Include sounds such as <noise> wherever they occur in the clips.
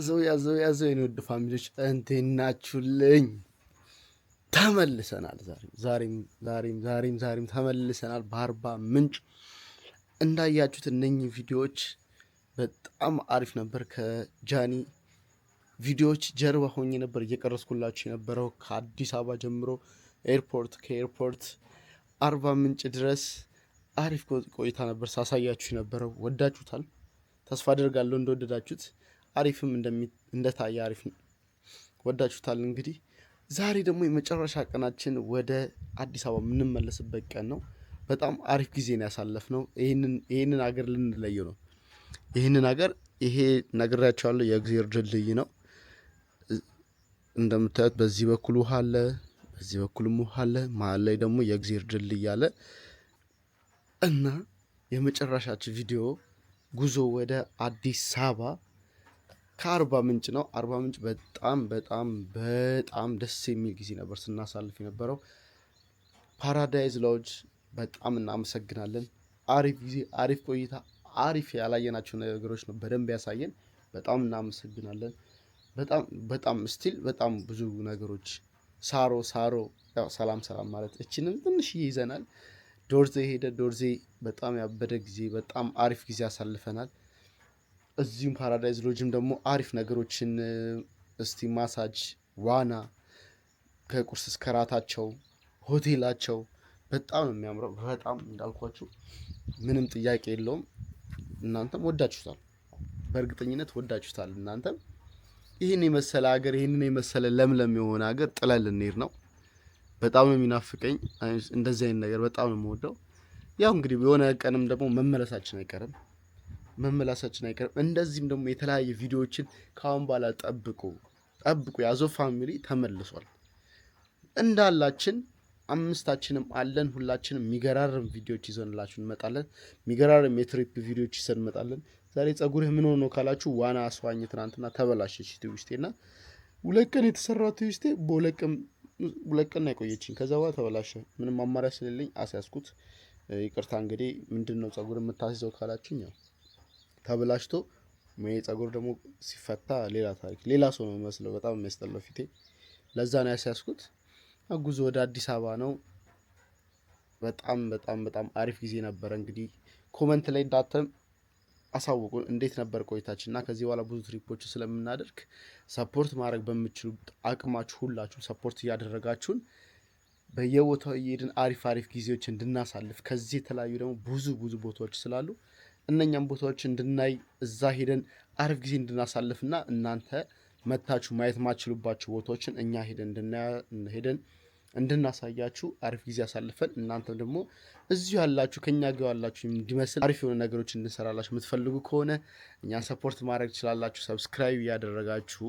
ያዘው ያዘው ያዘው የኔ ወድ ፋሚሊዎች እንቴናችሁልኝ ተመልሰናል። ዛሬም ዛሬም ዛሬም ዛሬም ተመልሰናል በአርባ ምንጭ እንዳያችሁት እነኚህ ቪዲዮዎች በጣም አሪፍ ነበር። ከጃኒ ቪዲዮዎች ጀርባ ሆኜ ነበር እየቀረስኩላችሁ የነበረው ከአዲስ አበባ ጀምሮ ኤርፖርት፣ ከኤርፖርት አርባ ምንጭ ድረስ አሪፍ ቆይታ ነበር ሳሳያችሁ የነበረው። ወዳችሁታል፣ ተስፋ አደርጋለሁ እንደወደዳችሁት አሪፍም እንደታየ አሪፍ ነው። ወዳችሁታል። እንግዲህ ዛሬ ደግሞ የመጨረሻ ቀናችን ወደ አዲስ አበባ የምንመለስበት ቀን ነው። በጣም አሪፍ ጊዜ ነው ያሳለፍነው። ይህንን ሀገር ልንለየው ነው። ይህንን ሀገር ይሄ ነግሬያቸዋለሁ። የእግዜር ድልድይ ነው እንደምታዩት። በዚህ በኩል ውሃ አለ፣ በዚህ በኩልም ውሃ አለ። መሀል ላይ ደግሞ የእግዜር ድልድይ አለ እና የመጨረሻችን ቪዲዮ ጉዞ ወደ አዲስ አበባ ከአርባ ምንጭ ነው። አርባ ምንጭ በጣም በጣም በጣም ደስ የሚል ጊዜ ነበር ስናሳልፍ የነበረው። ፓራዳይዝ ሎጅ በጣም እናመሰግናለን። አሪፍ ጊዜ፣ አሪፍ ቆይታ፣ አሪፍ ያላየናቸው ነገሮች ነው በደንብ ያሳየን። በጣም እናመሰግናለን። በጣም በጣም ስቲል በጣም ብዙ ነገሮች ሳሮ ሳሮ ያው ሰላም ሰላም ማለት እችንም ትንሽ ይይዘናል። ዶርዜ ሄደ ዶርዜ በጣም ያበደ ጊዜ፣ በጣም አሪፍ ጊዜ አሳልፈናል። እዚሁም ፓራዳይዝ ሎጅም ደግሞ አሪፍ ነገሮችን እስቲ ማሳጅ፣ ዋና ከቁርስ እስከ ራታቸው ሆቴላቸው በጣም ነው የሚያምረው። በጣም እንዳልኳችሁ ምንም ጥያቄ የለውም። እናንተም ወዳችሁታል፣ በእርግጠኝነት ወዳችሁታል። እናንተም ይህን የመሰለ ሀገር ይህንን የመሰለ ለምለም የሆነ ሀገር ጥለን ልንሄድ ነው። በጣም ነው የሚናፍቀኝ እንደዚህ አይነት ነገር በጣም ነው የምወደው። ያው እንግዲህ የሆነ ቀንም ደግሞ መመለሳችን አይቀርም። መመላሳችን አይቀርም። እንደዚህም ደግሞ የተለያየ ቪዲዮዎችን ከአሁን በኋላ ጠብቁ ጠብቁ። ያዞ ፋሚሊ ተመልሷል እንዳላችን አምስታችንም አለን። ሁላችንም የሚገራርም ቪዲዮዎች ይዘንላችሁ እንመጣለን። የሚገራርም የትሪፕ ቪዲዮዎች ይዘን እንመጣለን። ዛሬ ጸጉርህ ምን ሆኖ ካላችሁ ዋና አስዋኝ ትናንትና ተበላሸች ትውስቴና ሁለት ቀን የተሰራ ትውስቴ ሁለት ቀን አይቆየችኝ። ከዛ በኋላ ተበላሸ። ምንም አማሪያ ስለሌለኝ አስያዝኩት። ይቅርታ እንግዲህ ምንድን ነው ጸጉር የምታስይዘው ካላችሁ ያው ተብላሽቶ ፀጉር ደግሞ ሲፈታ ሌላ ታሪክ፣ ሌላ ሰው ነው የሚመስለው። በጣም የሚያስጠላው ፊቴ። ለዛ ነው ያስያዝኩት። ጉዞ ወደ አዲስ አበባ ነው። በጣም በጣም በጣም አሪፍ ጊዜ ነበረ። እንግዲህ ኮመንት ላይ እንዳተም አሳውቁ፣ እንዴት ነበር ቆይታችን እና ከዚህ በኋላ ብዙ ትሪፖች ስለምናደርግ ሰፖርት ማድረግ በምችሉ አቅማችሁ ሁላችሁ ሰፖርት እያደረጋችሁን በየቦታው እየሄድን አሪፍ አሪፍ ጊዜዎች እንድናሳልፍ ከዚህ የተለያዩ ደግሞ ብዙ ብዙ ቦታዎች ስላሉ እነኛም ቦታዎች እንድናይ እዛ ሄደን አሪፍ ጊዜ እንድናሳልፍና እናንተ መታችሁ ማየት ማችሉባቸው ቦታዎችን እኛ ሄደን ሄደን እንድናሳያችሁ አሪፍ ጊዜ አሳልፈን እናንተም ደግሞ እዚሁ ያላችሁ ከእኛ ጋር ያላችሁ እንዲመስል አሪፍ የሆነ ነገሮች እንድንሰራላችሁ የምትፈልጉ ከሆነ እኛን ሰፖርት ማድረግ ትችላላችሁ። ሰብስክራይብ እያደረጋችሁ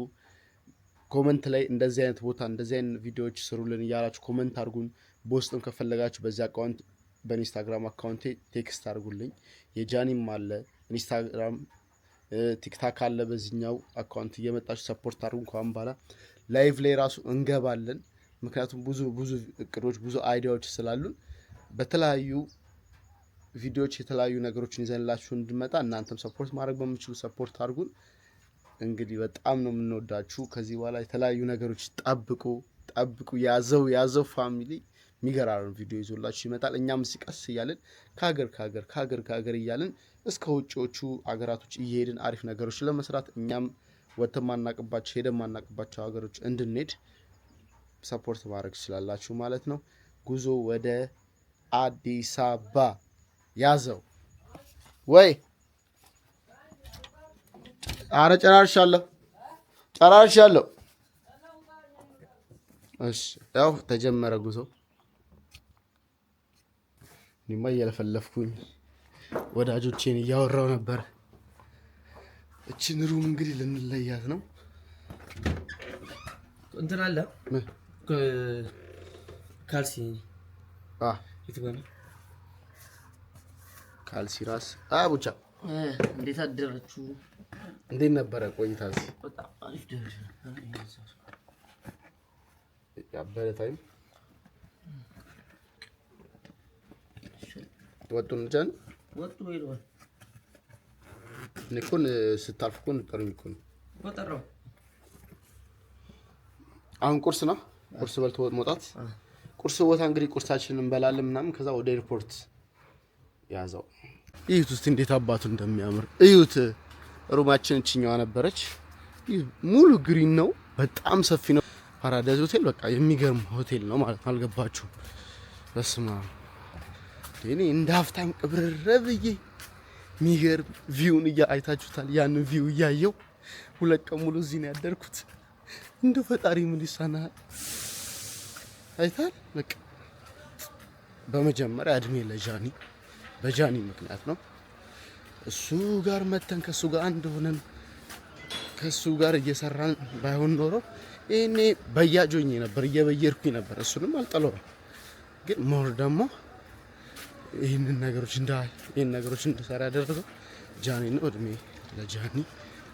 ኮመንት ላይ እንደዚህ አይነት ቦታ እንደዚህ አይነት ቪዲዮዎች ስሩልን እያላችሁ ኮመንት አድርጉን። በውስጥም ከፈለጋችሁ በዚህ አካውንት በኢንስታግራም አካውንቴ ቴክስት አድርጉልኝ። የጃኒም አለ ኢንስታግራም፣ ቲክታክ አለ። በዚህኛው አካውንት እየመጣችሁ ሰፖርት አድርጉ። እንኳን በኋላ ላይቭ ላይ ራሱ እንገባለን። ምክንያቱም ብዙ ብዙ እቅዶች ብዙ አይዲያዎች ስላሉን በተለያዩ ቪዲዮዎች የተለያዩ ነገሮችን ይዘንላችሁ እንድመጣ እናንተም ሰፖርት ማድረግ በምችሉ ሰፖርት አድርጉን። እንግዲህ በጣም ነው የምንወዳችሁ። ከዚህ በኋላ የተለያዩ ነገሮች ጠብቁ ጠብቁ። ያዘው ያዘው ፋሚሊ የሚገራርን ቪዲዮ ይዞላችሁ ይመጣል። እኛም ሲቀስ እያልን ከሀገር ከሀገር ከሀገር ከሀገር እያለን እስከ ውጭዎቹ ሀገራቶች እየሄድን አሪፍ ነገሮች ለመስራት እኛም ወጥተን ማናቅባቸው ሄደን ማናቅባቸው ሀገሮች እንድንሄድ ሰፖርት ማድረግ ትችላላችሁ ማለት ነው። ጉዞ ወደ አዲስ አበባ ያዘው ወይ? አረ ጨራርሻለሁ፣ ጨራርሻለሁ። እሺ፣ ያው ተጀመረ ጉዞ እኔማ እያለፈለፍኩኝ ወዳጆቼን እያወራው ነበር። እችን ሩም እንግዲህ ልንለያት ነው። እንትን አለ ካልሲ ካልሲ ራስ ቡቻ እንዴት አደረችሁ? እንዴት ነበረ ቆይታ? በጣም አሪፍ ደረጃ ወጡን ወጡ እኮን ስታርፍ እኮን ጠሩኝ እኮ ነው። አሁን ቁርስ ነው። ቁርስ በልቶ መውጣት። ቁርስ ቦታ እንግዲህ ቁርሳችን እንበላለን ምናምን፣ ከዛ ወደ ኤርፖርት ያዘው። እዩት ውስጥ እንዴት አባቱ እንደሚያምር እዩት። ሩማችን እችኛዋ ነበረች። ሙሉ ግሪን ነው። በጣም ሰፊ ነው። ፓራዳይዝ ሆቴል በቃ የሚገርም ሆቴል ነው ማለት ነው። አልገባችሁ? በስማ እኔ እንደ ሀብታም ቅብርረ ብዬ ሚገርም ቪውን እያ አይታችሁታል። ያንን ቪው እያየው ሁለት ቀን ሙሉ እዚህ ነው ያደርኩት። እንደ ፈጣሪ ምን ይሳናል አይታል። በቃ በመጀመሪያ እድሜ ለጃኒ በጃኒ ምክንያት ነው። እሱ ጋር መተን ከእሱ ጋር አንድ ሆነን ከእሱ ጋር እየሰራን ባይሆን ኖሮ ይህኔ በያጆኝ ነበር፣ እየበየርኩኝ ነበር። እሱንም አልጠለውም ግን ሞር ደግሞ ይህንን ነገሮች እንዳ ይህን ነገሮች እንድሰራ ያደረገው ጃኒ ነው። እድሜ ለጃኒ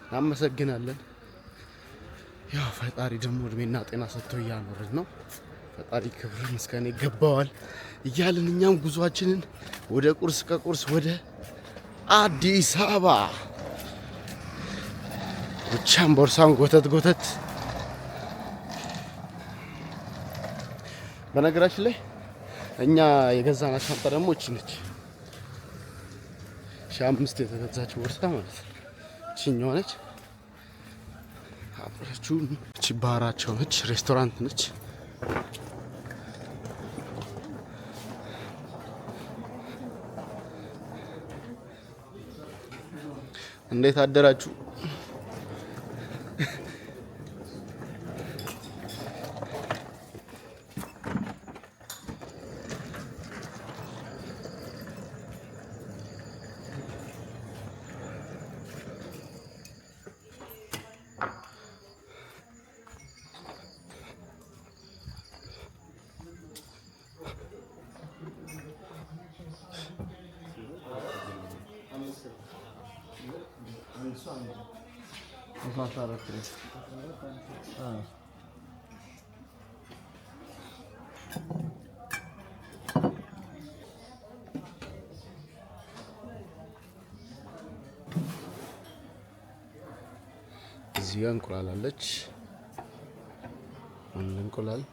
እናመሰግናለን። ያው ፈጣሪ ደግሞ እድሜና ጤና ሰጥቶ እያኖረን ነው። ፈጣሪ ክብር ምስጋና ይገባዋል እያልን እኛም ጉዟችንን ወደ ቁርስ ከቁርስ ወደ አዲስ አበባ ብቻም ቦርሳን ጎተት ጎተት በነገራችን ላይ እኛ የገዛናት ሻንጣ ደግሞ እቺ ነች። ሺህ አምስት የተገዛች ቦርሳ ማለት ነው። እቺኛ ነች። አብረችው እቺ ባህራቸው ነች፣ ሬስቶራንት ነች። እንዴት አደራችሁ? ማሳረፍ እዚህ ጋር እንቁላል አለች። እንቁላል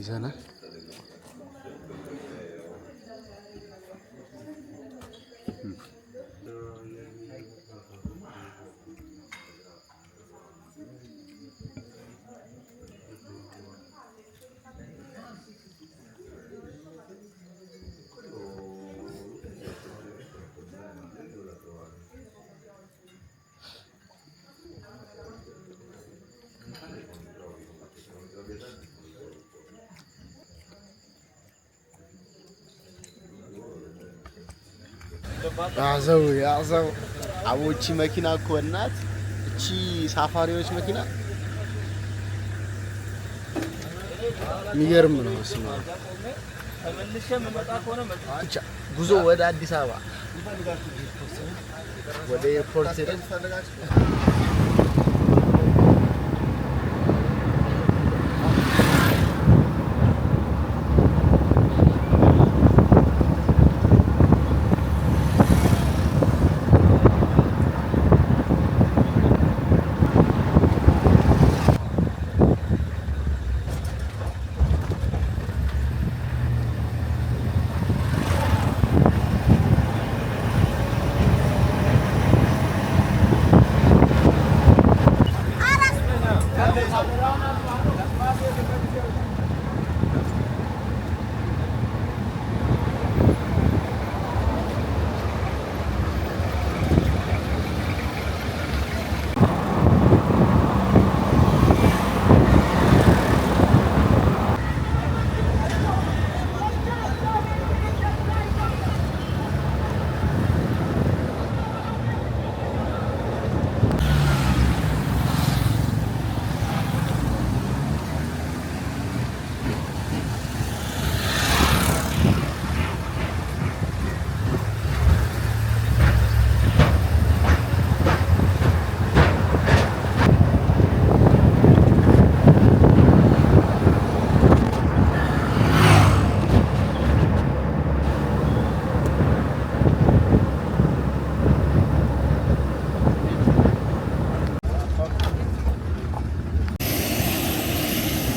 ይዘናል። ያዘው ያዘው። አቦቺ መኪና እኮ እናት፣ እቺ ሳፋሪዎች መኪና የሚገርም ነው። ስማ ብቻ ጉዞ ወደ አዲስ አበባ ወደ ኤርፖርት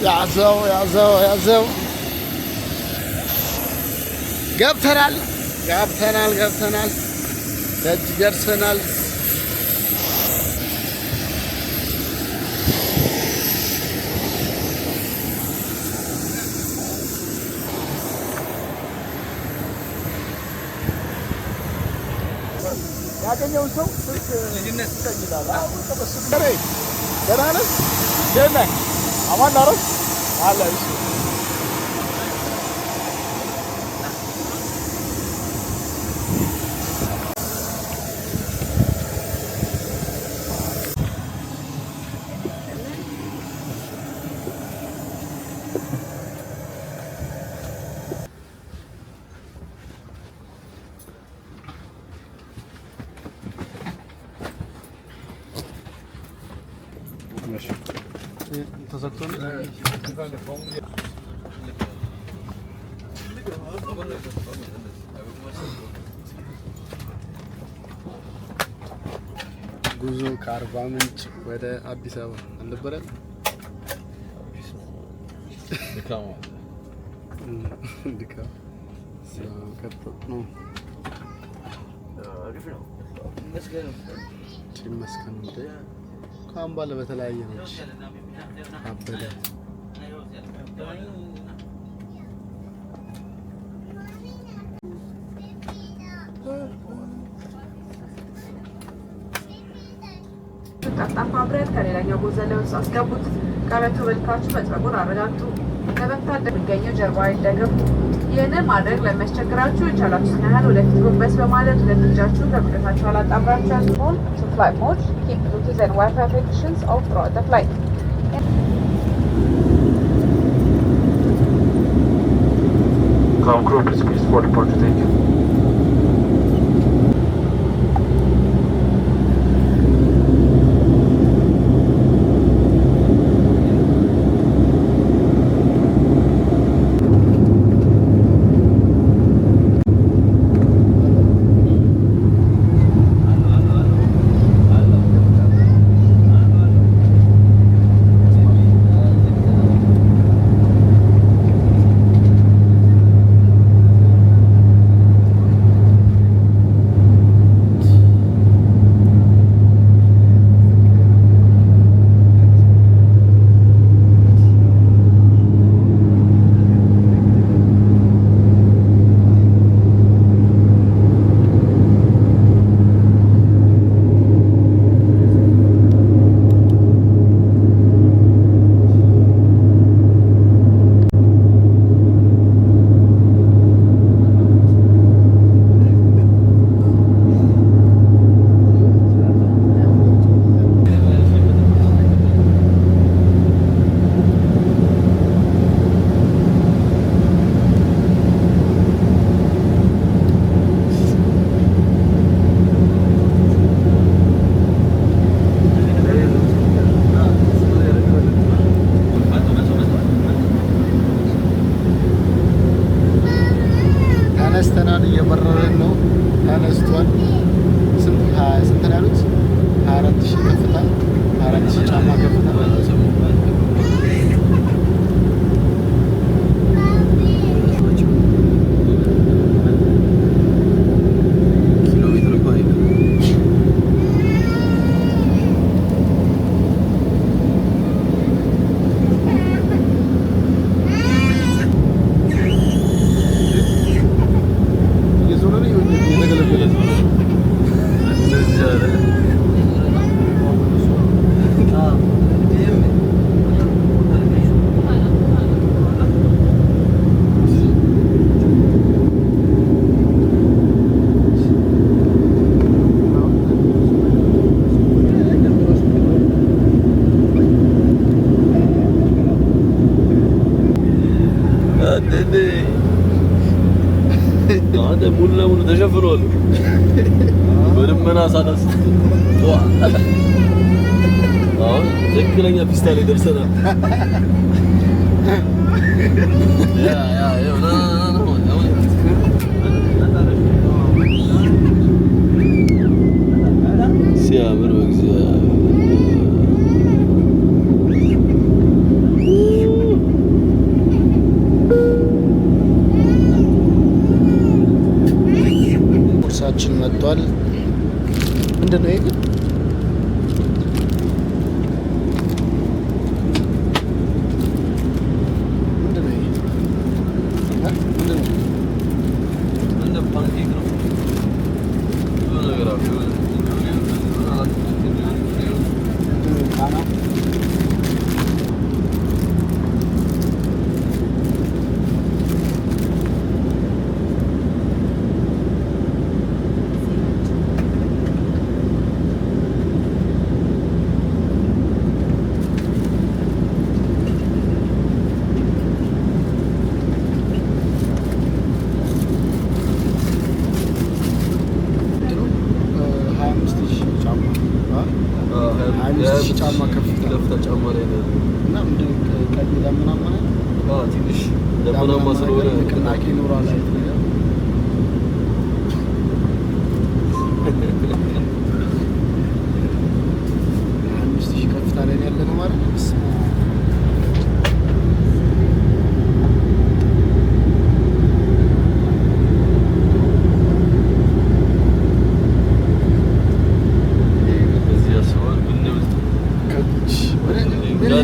ያዘው ያዘው ያዘው። ገብተናል ገብተናል ገብተናል። ደጅ ደርሰናል። ያገኘውን ሰው ስልክ ልጅነት ይጠይቃል። ደህና ነህ? ደህና አማን አረፍ I love you. ጉዞ ከአርባ ምንጭ ወደ አዲስ አበባ አልነበረም? <laughs> ይመስገን። ከአምባለ በተለያየ ነው አበደ ቀርጣፋ ብረት ከሌላኛው ጎዘን ለውስጥ አስገቡት። ቀበቶ በልካችሁ መጥረጉን አረጋግጡ። ለመምታት እንደሚገኘው ጀርባ አይደገፉ። ይህንን ማድረግ ለሚያስቸግራችሁ የቻላችሁትን ያህል ወደፊት ጎንበስ በማለት ሁለት እጃችሁን አላጣምራችሁ ያዙ። ቱ ፍላይ ሞድ ኪፕ ሉኪዝ ዋይፋይ ፌክሽንስ ኦፍ ፍላይት Our Group is 40 for to take. سالي درسنا <laughs>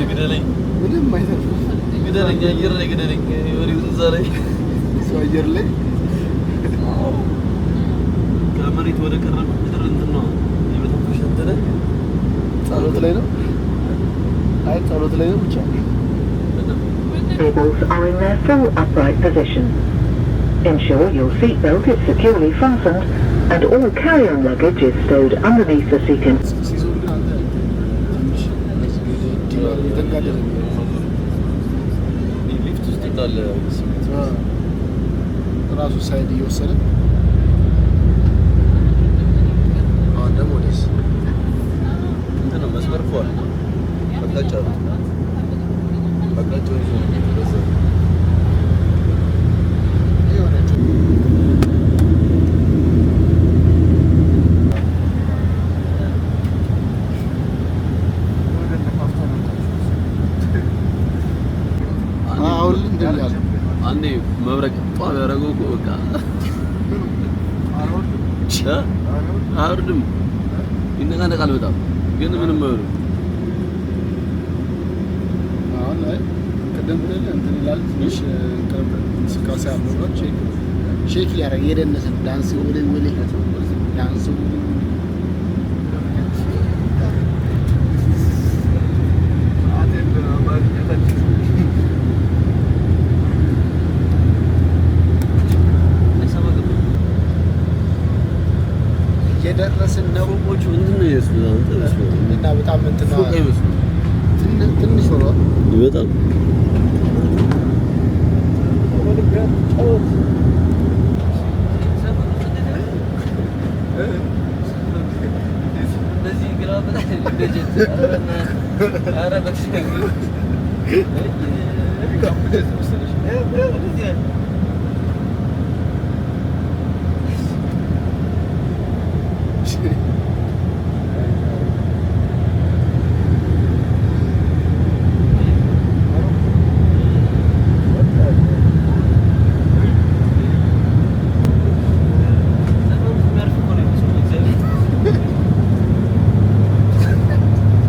ግደለኝ፣ ምንም አይተርፍም። ግደለኝ፣ አየር ላይ ግደለኝ፣ ወሬውን እዛ ላይ ሰው አየር ላይ ከመሬት ወደ ቀረበ ቁጥር እንትን ነው የመተኮሽ እንትን ጸሎት ላይ ነው። አይ ጸሎት ላይ ነው ብቻ Tables are in their full upright position. Ensure your seatbelt is securely fastened and all carry-on luggage is stowed underneath the seat. መጋደል ሊፍት ውስጥ ጣለ ራሱ ሳይድ እየወሰደ si wole wele nanso የደረስን ነው። ቦቹ እንትን ነው ይመስላል እና በጣም እንትን ነው ትንሽ ሆኖ በጣም እንደዚህ ግራ ብለህ ልደጀት ኧረ በተለይ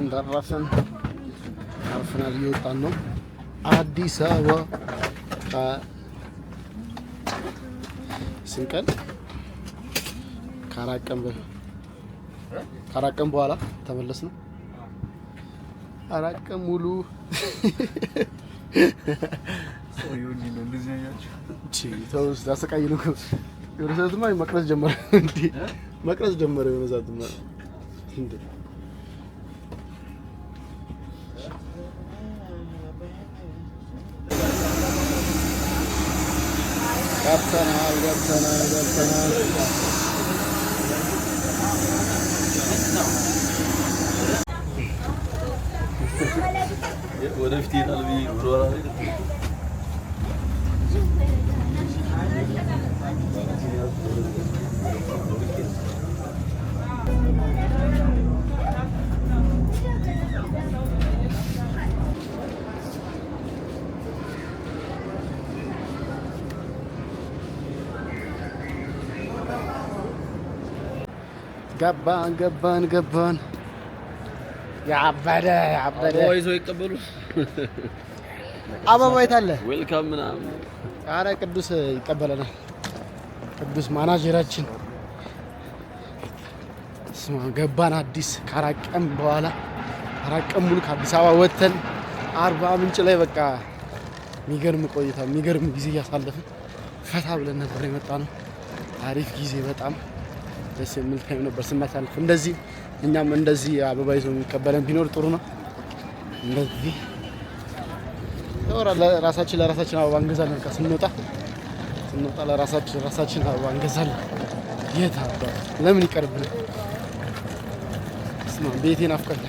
እንደረሰን አርፍናል። እየወጣን ነው። አዲስ አበባ ስንት ቀን ከአራት ቀን በኋላ ተመለስ ነው። አራት ቀን ሙሉ ያሰቃይሉ የሆነ ሰዓትማ መቅረጽ ጀመረ። መቅረጽ ጀመረ የሆነ ሰዓትማ قد تنال قد تنال قد ورفتي قلبي ገባን ገባን ገባን። ያበደ ያበደ ይዞ ይቀበሉ አበባ የት አለ? ዌልካም ምናምን። ኧረ ቅዱስ ይቀበለናል። ቅዱስ ማናጀራችን ገባን። አዲስ ካራቀም በኋላ አራት ሙሉ ከአዲስ አበባ ወጥተን አርባ ምንጭ ላይ በቃ የሚገርም ቆይታ የሚገርም ጊዜ እያሳለፍን ፈታ ብለን ነበር የመጣ ነው። አሪፍ ጊዜ በጣም ደስ የሚል ታይም ነበር ስናሳልፍ። እንደዚህ እኛም እንደዚህ አበባ ይዞ የሚቀበለን ቢኖር ጥሩ ነው። እንደዚህ ራሳችን ለራሳችን አበባ እንገዛለን። ከስንወጣ ስንወጣ ለራሳችን ራሳችን አበባ እንገዛለን። የት አበባ ለምን ይቀርብናል? ስማ ቤቴን አፍቀለ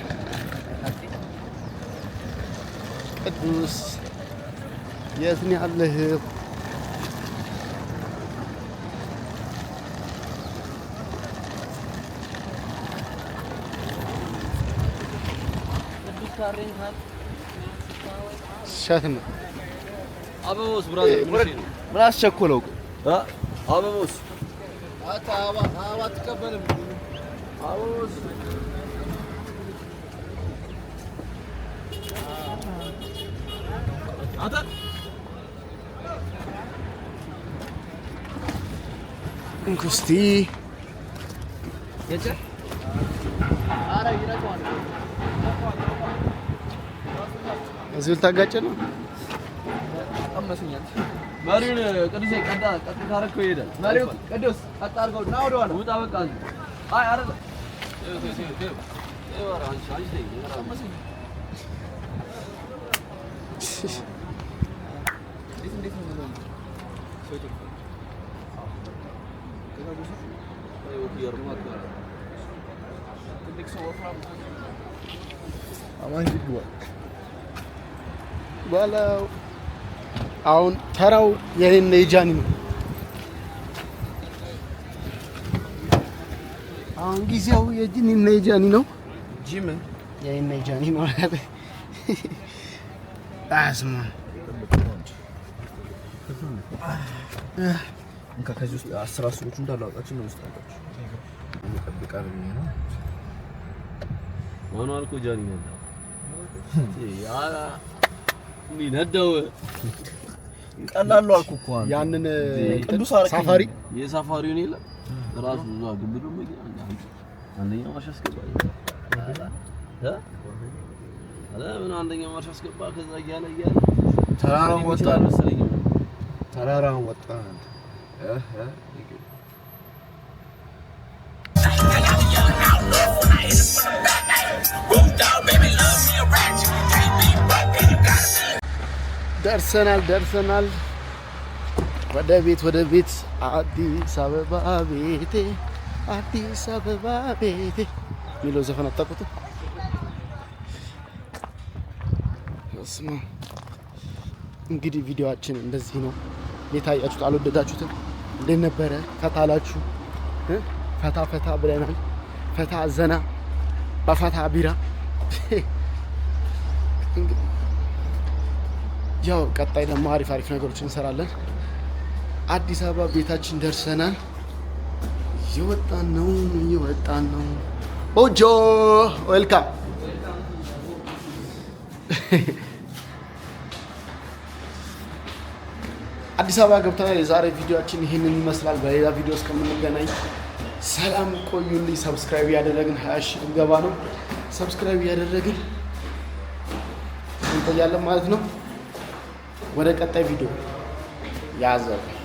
ቅዱስ የት ነው ያለህ? شاتم ابو موس برادر براس شكولوك ها ابو موس هات هاوا تكبر ابو موس هذا كوستي يا እዚሁ ልታጋጭ ነው። ቀመስኛል። መሪውን ቅዱሴ ቀዳ ቀጥ ታረከው ይሄዳል። መሪው ቅዱስ ቀጥ አድርገው ና ወደ ኋላ ውጣ። በቃ አይ አይደል አማን ግድዋ በለው። አሁን ተራው የኔና የጃኒ ነው። አሁን ጊዜው የጂኒና የጃኒ ነው። ጂም የኔና የጃኒ ነው። አስማ እንካ ከዚህ ውስጥ አስር አስሮቹ እንዳሉ አውጣችሁ ነው ስታውቃችሁ ይጠብቃል ነው ማኑ አልኮ ጃኒ ነው ሚነደው ቀላሉ አልኩ እኮ ያንን ቅዱስ አረክ ሳፋሪ የሳፋሪውን የለም ራሱ ብዙ ግብዱ አንደኛ ማርሽ አስገባ አለ ምን አንደኛ ማርሽ አስገባ። ከዛ እያለ እያለ ተራራውን ወጣ መሰለኝ ተራራውን ወጣ Boom down, ደርሰናል ደርሰናል ወደ ቤት ወደ ቤት አዲስ አበባ ቤቴ አዲስ አበባ ቤቴ የሚለው ዘፈን አታውቁትም? እንግዲህ ቪዲዮችን እንደዚህ ነው የታያችሁት። አልወደዳችሁትም? እንዴት ነበረ? ፈታ አላችሁ? ፈታ ፈታ ብለናል። ፈታ ዘና በፈታ ቢራ ያው ቀጣይ ደግሞ አሪፍ አሪፍ ነገሮች እንሰራለን። አዲስ አበባ ቤታችን ደርሰናል። እየወጣን ነው፣ እየወጣን ነው። ኦጆ ወልካም አዲስ አበባ ገብተናል። የዛሬ ቪዲዮችን ይህንን ይመስላል። በሌላ ቪዲዮ እስከምንገናኝ ሰላም ቆዩልኝ። ሰብስክራይብ ያደረግን ሀያ ሺህ ልንገባ ነው። ሰብስክራይብ ያደረግን እንቆያለን ማለት ነው። Whatever video. vídeo? Yeah,